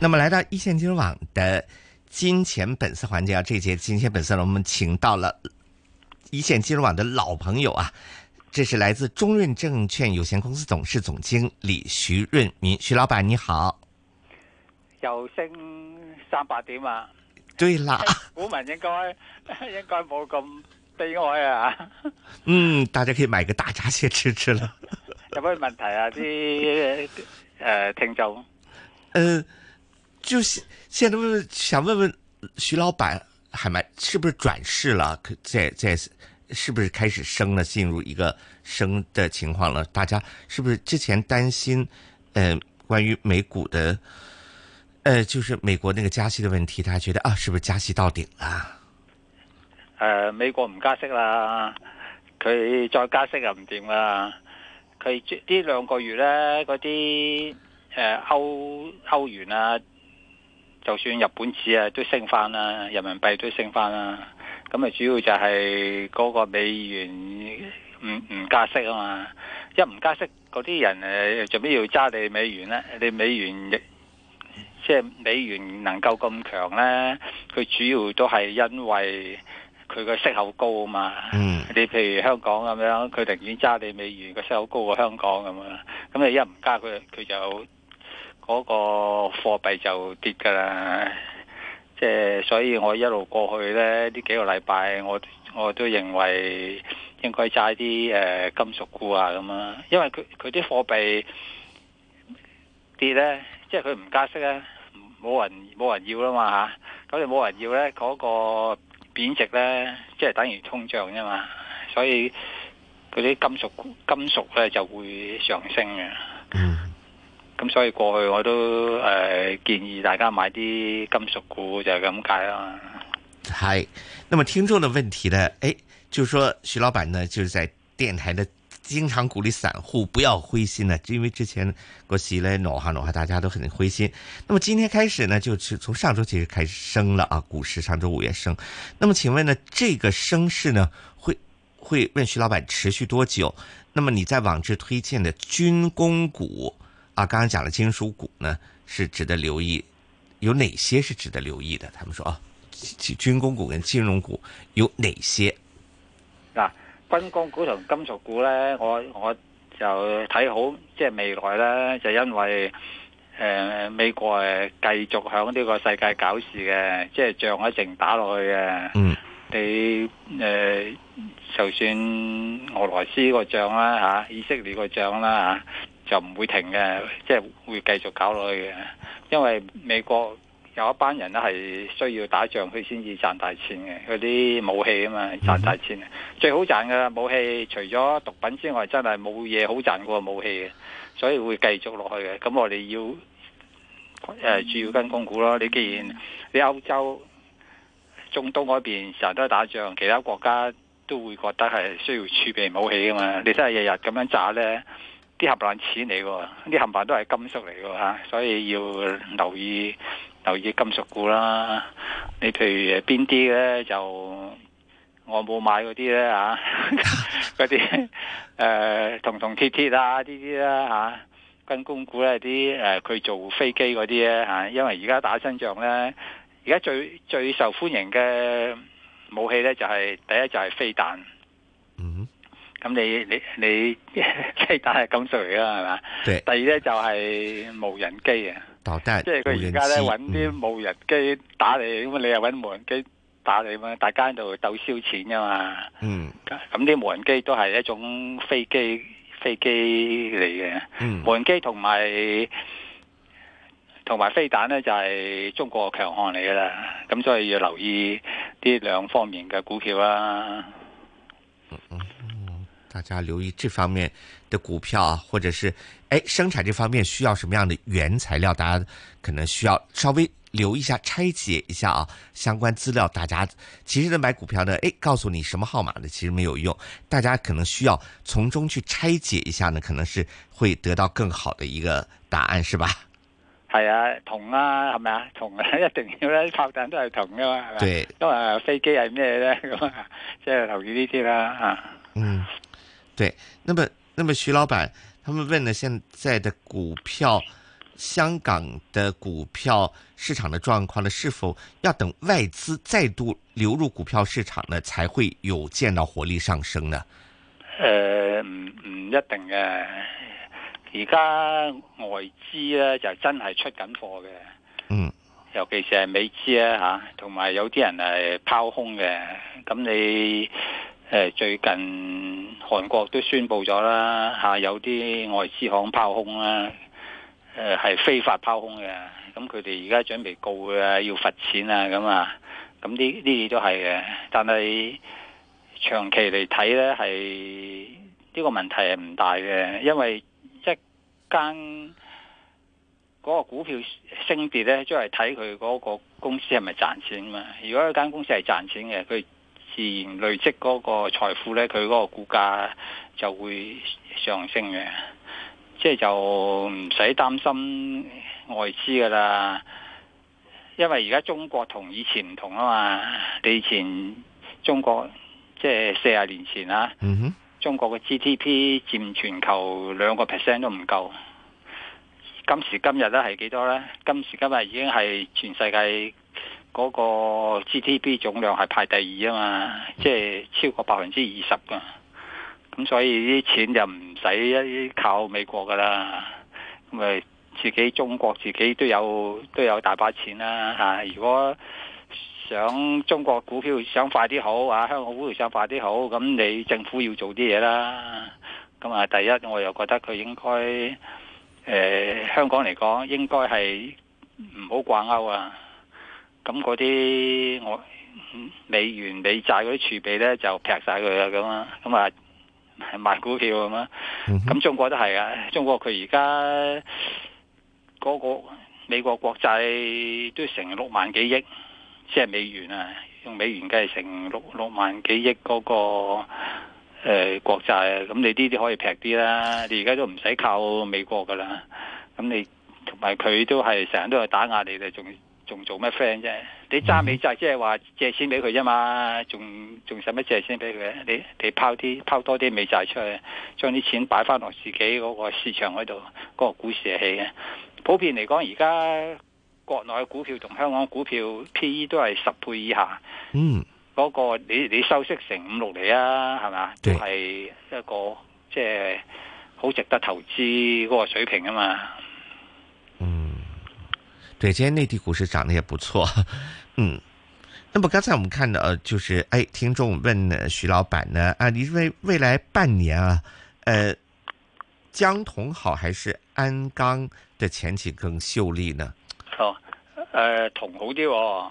那麼來到一線金融網的金錢本色環節啊，這一節金錢本色呢，我們請到了一線金融網的老朋友啊，這是來自中潤證券有限公司董事總經理徐潤民，徐老闆你好，又升三百點啊，對啦，股民應該應該冇咁悲哀啊，嗯，大家可以買個大閘蟹吃吃了，有咩問題啊？啲誒、呃、聽眾，嗯。就現在問問，想問問徐老闆，係咪是不是轉世了？可在在，是不是開始升了？進入一個升的情況了？大家是不是之前擔心，呃，關於美股的，呃，就是美國那個加息的問題？大家覺得啊，是不是加息到頂了？呃，美國唔加息啦，佢再加息又唔掂啦。佢呢兩個月呢，嗰啲誒歐歐元啊。就算日本紙啊都升翻啦，人民幣都升翻啦。咁啊，主要就係嗰個美元唔唔加息啊嘛。一唔加息，嗰啲人誒，做咩要揸你美元啦。你美元即係、就是、美元能夠咁強咧，佢主要都係因為佢個息口高啊嘛。你譬如香港咁樣，佢寧願揸你美元個息口高過香港咁樣。咁你一唔加佢，佢就。嗰個貨幣就跌噶啦，即係，所以我一路過去咧，呢幾個禮拜我我都認為應該揸啲誒金屬股啊咁樣，因為佢佢啲貨幣跌呢，即係佢唔加息呢，冇人冇人要啦嘛吓，咁你冇人要呢，嗰個貶值呢，即係等於通脹啫嘛，所以嗰啲金屬金屬咧就會上升嘅。咁所以過去我都、呃、建議大家買啲金屬股就係咁解啦。係，那麼聽眾的問題呢？誒，就是，說徐老闆呢，就是在電台呢，經常鼓勵散戶不要灰心呢，因為之前過嚟暖下暖下，大家都很灰心。那麼今天開始呢，就是從上周其實開始升了啊，股市上周五也升。那麼請問呢，這個升勢呢，會會問徐老闆持續多久？那麼你在往日推薦的軍工股，啊，剛剛講了金屬股呢，是值得留意，有哪些是值得留意的？他們說，啊，軍工股跟金融股有哪些？嗱、啊，軍工股同金屬股咧，我我就睇好，即係未來咧，就是、因為誒、呃、美國誒繼續響呢個世界搞事嘅，即係仗一直打落去嘅。嗯，你誒、呃，就算俄羅斯個仗啦，吓、啊，以色列個仗啦，吓、啊。就唔會停嘅，即係會繼續搞落去嘅。因為美國有一班人咧係需要打仗佢先至賺大錢嘅，嗰啲武器啊嘛賺大錢。最好賺嘅武器，除咗毒品之外，真係冇嘢好賺過武器嘅。所以會繼續落去嘅。咁我哋要誒、呃、主要跟工股咯。你既然你歐洲中東嗰邊成日都係打仗，其他國家都會覺得係需要儲備武器啊嘛。你真係日日咁樣炸呢？啲合金錢嚟喎，啲冚唪唥都係金屬嚟嘅嚇，所以要留意留意金屬股啦。你譬如誒邊啲咧，就我冇買嗰啲咧嚇，嗰啲誒銅銅鐵鐵啊啲啲啦嚇，軍工股咧啲誒佢做飛機嗰啲咧嚇，因為而家打新仗咧，而家最最受歡迎嘅武器咧就係、係、第一就係飛彈。咁、嗯、你你你即係打係金屬嚟啦，係嘛？對第二咧就係無人機啊，導彈， 即係佢而家咧揾啲無人機打你，咁啊、嗯、你又揾無人機打你嘛？大家喺度鬥燒錢噶嘛？嗯，咁啲、嗯、無人機都係一種飛機飛機嚟嘅，嗯、無人機同埋同埋飛彈咧就係中國嘅強項嚟噶啦。咁所以要留意啲兩方面嘅股票啦。大家留意這方面的股票啊，或者是誒、欸、生產這方面需要什麼樣的原材料，大家可能需要稍微留意一下拆解一下啊。相關資料，大家其實呢買股票呢，誒、欸，告訴你什麼號碼呢，其實沒有用。大家可能需要從中去拆解一下呢，可能是會得到更好的一個答案，是吧？係啊，同啊，係咪啊，同一定要咧炮彈都係同噶嘛，係咪？對，因為飛機係咩咧咁啊，即係留意呢啲啦，吓。嗯。 s 對，那麼那麼徐老闆，他們問呢現在的股票，香港的股票市場的狀況呢，是否要等外資再度流入股票市場呢，才會有見到活力上升呢？誒、呃，唔唔一定嘅，而家外資咧就真係出緊貨嘅，嗯，尤其是係美資咧吓，同、啊、埋有啲人係拋空嘅，咁你。誒，最近韓國都宣布咗啦，吓、啊、有啲外資行拋空啦、啊、誒、啊、係非法拋空嘅，咁佢哋而家準備告佢啊，要罰錢啊，咁啊，咁呢呢啲都係嘅，但係長期嚟睇咧，係呢個問題係唔大嘅，因為一間嗰個股票升跌咧，即係睇佢嗰個公司係咪賺錢嘛，如果一間公司係賺錢嘅，佢。自然累積嗰個財富呢，佢嗰個股價就會上升嘅，即係就唔使擔心外資噶啦。因為而家中國同以前唔同啊嘛，你以前中國即係四十年前啦，啊，mm hmm. 中國嘅 GDP 佔全球兩個 percent 都唔夠，今時今日咧係幾多呢？今時今日已經係全世界。嗰個 GDP 總量係排第二啊嘛，即係超過百分之二十嘅，咁所以啲錢就唔使一靠美國噶啦，咁咪自己中國自己都有都有大把錢啦嚇。如果想中國股票想快啲好啊，香港股票想快啲好，咁你政府要做啲嘢啦。咁啊，第一，我又覺得佢應該誒香港嚟講應該係唔好掛鈎啊。咁嗰啲我美元美債嗰啲儲備咧就劈晒佢啊咁啊，咁啊係賣股票咁樣，咁 中國都係啊，中國佢而家嗰個美國國債都成六萬幾億，即、就、係、是、美元啊，用美元梗計成六六萬幾億嗰、那個誒、呃、國債啊，咁你呢啲可以劈啲啦，你而家都唔使靠美國噶啦，咁你同埋佢都係成日都係打壓你哋仲。仲做咩 friend 啫？你揸美債即係話借錢俾佢啫嘛？仲仲使乜借錢俾佢？你你拋啲拋多啲美債出去，將啲錢擺翻落自己嗰個市場嗰度，嗰個股市起嘅。普遍嚟講，而家國內嘅股票同香港股票 PE 都係十倍以下。嗯，嗰個你你收息成五六厘啊，係咪？都係一個即係好值得投資嗰個水平啊嘛。對，今天內地股市漲得也不錯，嗯。那麼剛才我們看到，就是哎，聽眾問徐老闆呢，啊，你認為未來半年啊，呃，江銅好還是鞍鋼的前景更秀麗呢？哦呃，銅好啲、哦，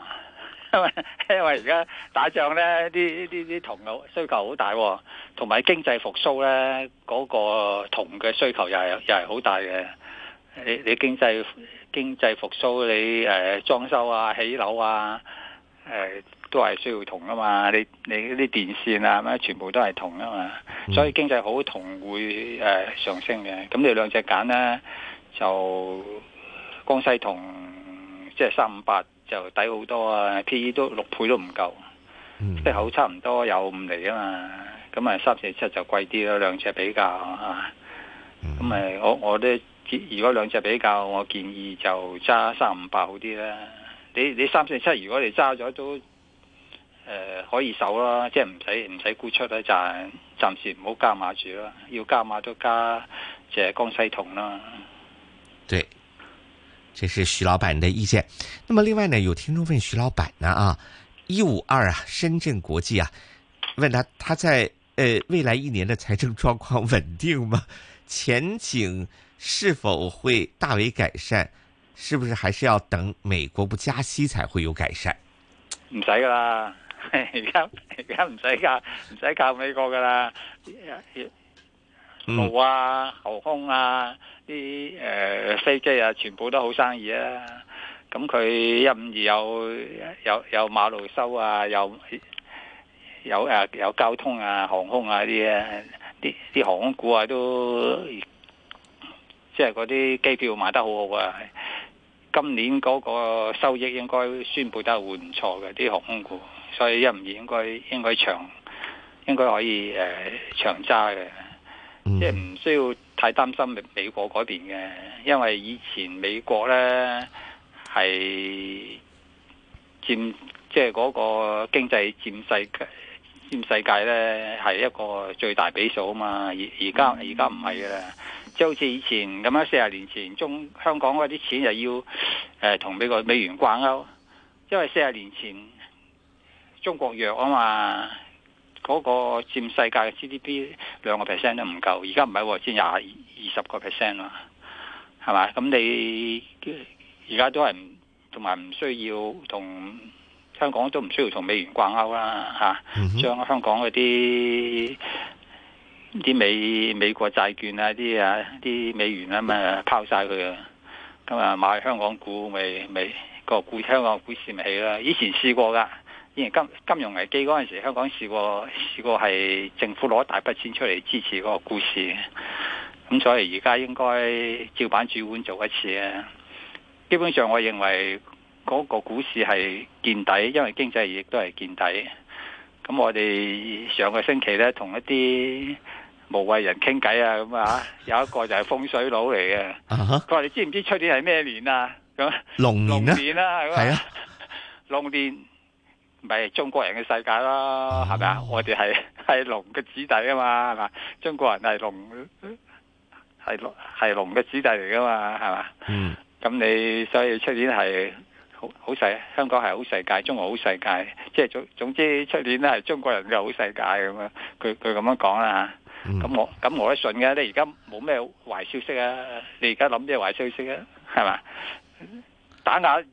因為因為而家打仗呢啲啲啲銅好需求好大、哦，同埋經濟復甦呢嗰、嗰個銅嘅需求又係又係好大嘅。你你經濟經濟復甦，你誒、呃、裝修啊、起樓啊，誒、呃、都係需要銅啊嘛。你你啲電線啊咩，全部都係銅啊嘛。所以經濟好，銅會誒、呃、上升嘅。咁你兩隻揀咧，就江西銅即係三五八就抵好多啊，PE 都六倍都唔夠，啲好、嗯、差唔多有五厘啊嘛。咁咪三四七就貴啲咯，兩隻比較啊。咁咪我我咧～如果兩隻比較，我建議就揸三五八好啲啦。你你三四七，如果你揸咗都，誒、呃、可以守啦，即係唔使唔使沽出咧，暫暫時唔好加碼住啦。要加碼都加即係、就是、江西銅啦。對，這是徐老闆嘅意見。那麼另外呢，有聽眾問徐老闆呢啊，一五二啊，深圳國際啊，問他他在。呃、未來一年的財政狀況穩定嗎？前景是否會大為改善？是不是還是要等美國不加息才會有改善？唔使㗎喇，而家而家唔使靠唔使靠美國㗎喇，路啊、航空啊啲誒、呃、飛機、啊、全部都好生意啊！咁佢一五二有有，有馬路收啊，有。有誒有交通啊、航空啊啲啊，啲啲航空股啊都，即係嗰啲機票賣得好好啊！今年嗰個收益應該宣布得係會唔錯嘅啲航空股，所以一唔二應該應該長應該可以誒、呃、長揸嘅，即係唔需要太擔心美國嗰邊嘅，因為以前美國咧係佔即係嗰個經濟佔世界。佔世界咧係一個最大比數啊嘛，而而家而家唔係嘅啦，即係好似以前咁樣，四十年前中香港嗰啲錢又要誒同、呃、美國美元掛鈎，因為四十年前中國弱啊嘛，嗰、那個佔世界嘅 GDP 兩個 percent 都唔夠，而家唔係喎，佔廿二十個 percent 啦，係嘛？咁你而家都係唔同埋唔需要同。香港都唔需要同美元掛鈎啦，嚇、啊！將香港嗰啲啲美美國債券啊，啲啊啲美元啊嘛，拋晒佢啊！咁啊買香港股咪咪、個股香港股市咪起啦。以前試過㗎，以前金金融危機嗰陣時，香港試過試過係政府攞大筆錢出嚟支持個股市。咁所以而家應該照板煮碗做一次啊！基本上，我認為。嗰個股市係見底，因為經濟亦都係見底。咁我哋上個星期咧，同一啲無謂人傾偈啊，咁啊，有一個就係風水佬嚟嘅。佢話、uh huh.：你知唔知出年係咩年啊？咁龍年啦，係啊，啊 龍年咪中國人嘅世界咯，係咪啊？我哋係係龍嘅子弟啊嘛，係嘛？中國人係龍係龍係龍嘅子弟嚟噶嘛，係嘛？嗯。咁你所以出年係好好世，香港係好世界，中國好世界，即係總總之，出年咧係中國人嘅好世界咁樣。佢佢咁樣講啦，咁我咁我都信嘅。你而家冇咩壞消息啊？你而家諗啲咩壞消息啊？係嘛？打壓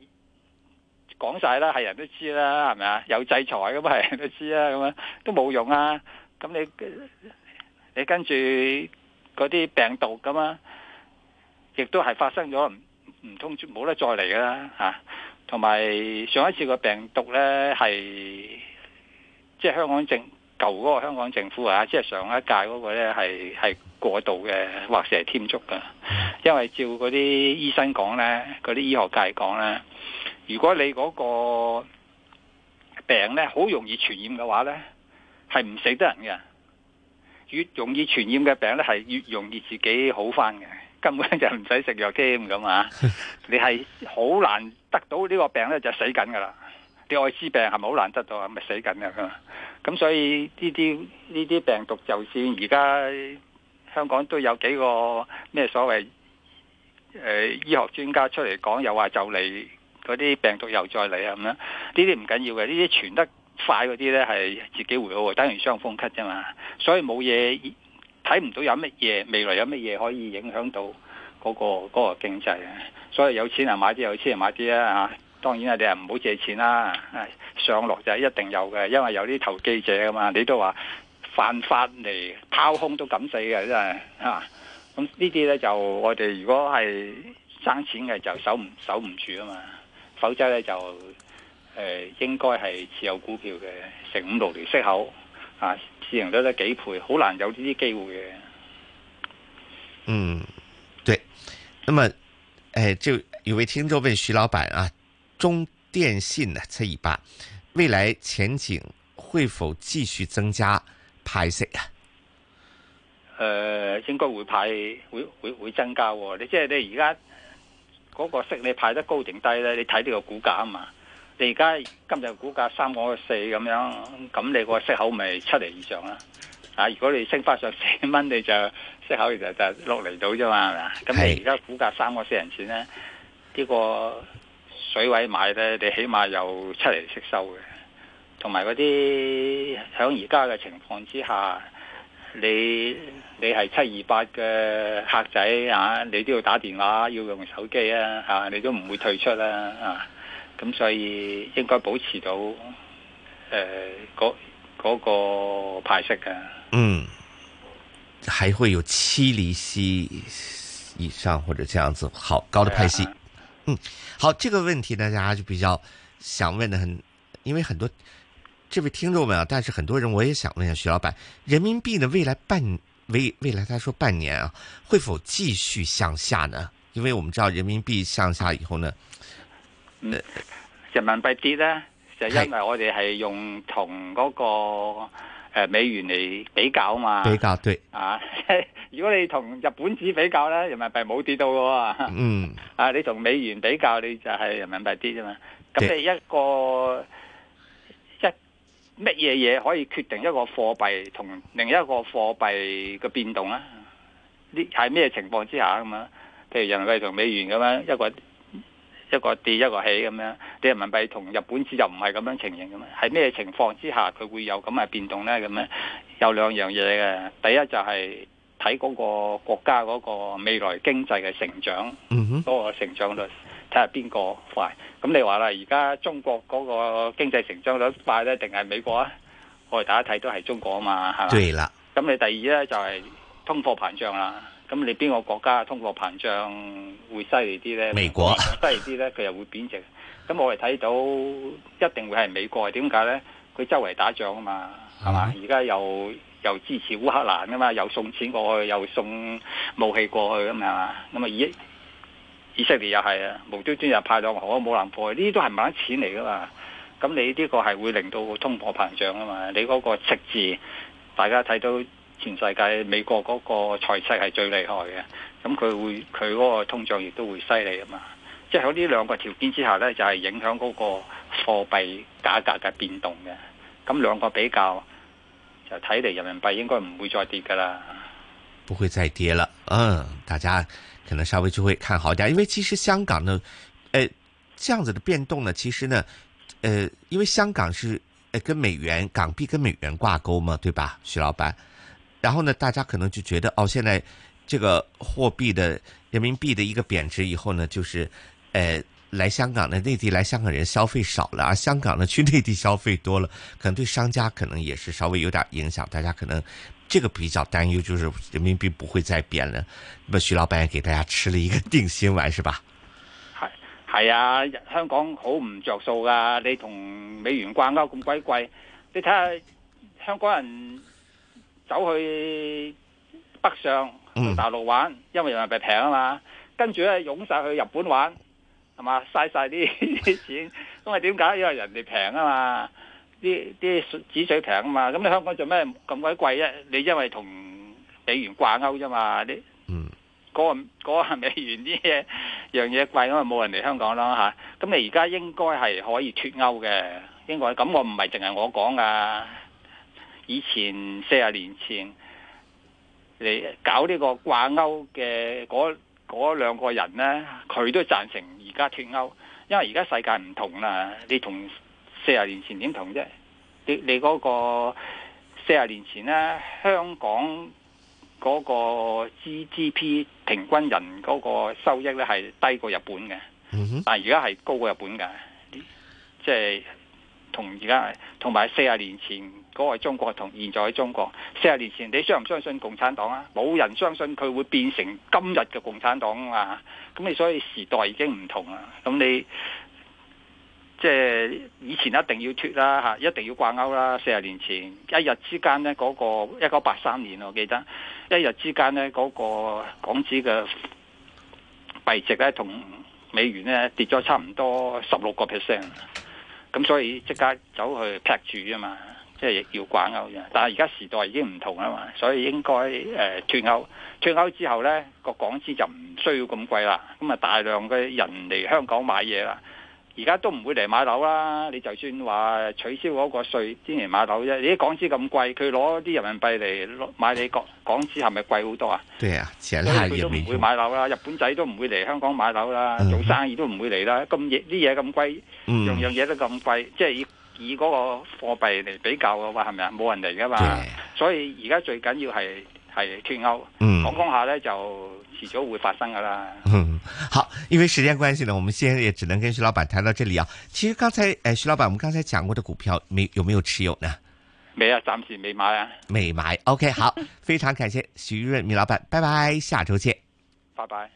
講晒啦，係人都知啦，係咪啊？有制裁咁係人都知啦，咁樣都冇用啊！咁你你跟住嗰啲病毒咁啊，亦都係發生咗，唔唔通冇得再嚟噶啦嚇！同埋上一次個病毒呢，係即係香港政舊嗰個香港政府啊，即係上一屆嗰個呢，係係過度嘅，或者係添足嘅。因為照嗰啲醫生講呢，嗰啲醫學界講呢，如果你嗰個病呢好容易傳染嘅話呢，係唔死得人嘅。越容易傳染嘅病呢，係越容易自己好翻嘅，根本就唔使食藥添咁啊！你係好難得到呢個病咧，就死緊噶啦啲艾滋病係咪好難得到啊？咪死緊啦。咁，咁所以呢啲呢啲病毒，就算而家香港都有幾個咩所謂誒、呃、醫學專家出嚟講，又話就嚟嗰啲病毒又再嚟啊咁樣，呢啲唔緊要嘅，呢啲傳得快嗰啲咧係自己會好，等於傷風咳啫嘛，所以冇嘢睇唔到有乜嘢未來有乜嘢可以影響到嗰個嗰個經濟啊。所以有錢人買啲，有錢人買啲啊！嚇，當然啊，你係唔好借錢啦。啊、上落就一定有嘅，因為有啲投機者噶嘛。你都話犯法嚟拋空都敢死嘅，真係嚇。咁、啊、呢啲咧就我哋如果係生錢嘅就守唔守唔住啊嘛。否則咧就誒、呃、應該係持有股票嘅成五六厘息口啊，市盈率得幾倍，好難有呢啲機會嘅。嗯，對，咁啊。誒、哎，就有位聽眾問徐老闆啊，中電信啊，七二八，未來前景會否繼續增加派息啊？誒、呃，應該會派，會會會增加、哦。你即係你而家嗰個息，你派得高定低咧？你睇呢個股價啊嘛。你而家今日股價三個四咁樣，咁你嗰個息口咪七厘以上啊？啊，如果你升翻上四蚊，你就。息口其實就落嚟到啫嘛，咁你而家估價三個四人錢咧，呢個水位買咧，你起碼有七厘息收嘅，同埋嗰啲響而家嘅情況之下，你你係七二八嘅客仔啊，你都要打電話要用手機啊，吓你都唔會退出啦，啊，咁所以應該保持到誒嗰嗰個派息嘅，嗯。還會有七厘息以上或者這樣子好高的派息，的嗯，好，這個問題呢，大家就比較想問的很，因為很多這位聽眾們啊，但是很多人我也想問一下徐老闆，人民幣呢，未來半未未來他說半年啊，會否繼續向下呢？因為我們知道人民幣向下以後呢，人民幣跌呢，就，呃，就因為我哋係用同嗰個、那個。誒、呃、美元嚟比較啊嘛，比較對啊！ 如果你同日本紙比較咧，人民幣冇跌到嘅喎、啊。嗯。啊！ 你同美元比較，你就係人民幣啲啫嘛。咁爹你一個一乜嘢嘢可以決定一個貨幣同另一個貨幣嘅變動啊？呢係咩情況之下咁啊？譬如人民幣同美元咁樣一個一個跌一個起咁樣。人民幣同日本紙就唔係咁樣情形嘅嘛？喺咩情況之下佢會有咁嘅變動呢？咁樣有兩樣嘢嘅。第一就係睇嗰個國家嗰個未來經濟嘅成長，嗰、嗯、哼個成長率睇下邊個快。咁你話啦，而家中國嗰個經濟成長率快呢，定係美國啊？我哋大家睇都係中國啊嘛，係嘛？對啦了。咁你第二呢，就係、是、通貨膨脹啦。咁你邊個國家通貨膨脹會犀利啲呢？美國犀利啲呢？佢又會貶值。咁我哋睇到一定會係美國，點解呢？佢周圍打仗啊嘛，係嘛吧？而家又又支持烏克蘭噶嘛，又送錢過去，又送武器過去咁啊嘛，咁啊、嗯、以，以色列又係啊，無端端又派咗好多武難貨，呢啲都係揾錢嚟噶嘛。咁你呢個係會令到通貨膨脹啊嘛。你嗰個赤字，大家睇到全世界美國嗰個財赤係最厲害嘅，咁佢會佢嗰個通脹亦都會犀利啊嘛。即係喺呢兩個條件之下呢就係、是、影響嗰個貨幣價格嘅變動嘅。咁兩個比較就睇嚟，人民幣應該唔會再跌㗎喇，不會再跌啦。嗯，大家可能稍微就會看好啲，因為其實香港呢，誒、呃，這樣子的變動呢，其實呢，誒、呃，因為香港是誒跟美元港幣跟美元掛鈎嘛，對吧，徐老闆？然後呢，大家可能就覺得，哦，現在這個貨幣的人民幣的一個貶值以後呢，就是。誒、呃，來香港的內地來香港人消費少了，啊，而香港呢去內地消費多了，可能對商家可能也是稍微有點影響。大家可能這個比較擔憂，就是人民幣不會再貶了。咁徐老闆也給大家吃了一個定心丸，是吧？系係啊，香港好唔着數噶你同美元掛鈎咁鬼貴，你睇下香港人走去北上大陸玩，嗯、因為人民幣平啊嘛，跟住咧，啊、湧晒去日本玩。係嘛？嘥晒啲啲錢，因為點解？因為人哋平啊嘛，啲啲紙水平啊嘛。咁你香港做咩咁鬼貴啫？你因為同美元掛鈎啫嘛？啲、那、嗰個嗰，那個美元啲嘢樣嘢貴，咁啊冇人嚟香港啦嚇。咁你而家應該係可以脱鈎嘅，應該。咁我唔係淨係我講㗎，以前四十年前你搞呢個掛鈎嘅嗰。那個嗰兩個人呢，佢都贊成而家脱歐，因為而家世界唔同啦，你同四十年前點同啫？你你嗰個四十年前呢，香港嗰個 GDP 平均人嗰個收益呢，係低過日本嘅，但係而家係高過日本㗎，即係同而家，同埋四十年前。嗰個係中國同現在嘅中國，四十年前你相唔相信共產黨啊？冇人相信佢會變成今日嘅共產黨啊嘛。咁你所以時代已經唔同啦。咁你即係以前一定要脱啦嚇，一定要掛鈎啦。四十年前一日之間呢，嗰個一九八三年我記得一日之間呢，嗰個港紙嘅幣值咧同美元咧跌咗差唔多十六個 percent。咁所以即刻走去劈住啊嘛。即係要掛鈎嘅，但係而家時代已經唔同啊嘛，所以應該誒脫鈎，脫鈎之後咧個港紙就唔需要咁貴啦，咁啊大量嘅人嚟香港買嘢啦，而家都唔會嚟買樓啦，你就算話取消嗰個稅先嚟買樓啫，你啲港紙咁貴，佢攞啲人民幣嚟買你個港紙係咪貴好多啊？對啊，而且都唔會買樓啦，嗯、日本仔都唔會嚟香港買樓啦，做生意都唔會嚟啦，咁嘢啲嘢咁貴，嗯、樣樣嘢都咁貴，即係以嗰個貨幣嚟比較嘅話，係咪啊？冇人嚟噶嘛，對所以而家最緊要係係脱歐。講講下咧，就遲早會發生噶啦、嗯。好，因為時間關係呢，我們先也只能跟徐老闆談到這裡啊。其實剛才誒、呃，徐老闆，我們剛才講過的股票沒，沒有沒有持有呢？未啊，暫時未買啊。未買，OK，好， 非常感謝徐潤民老闆，拜拜，下周見。拜拜。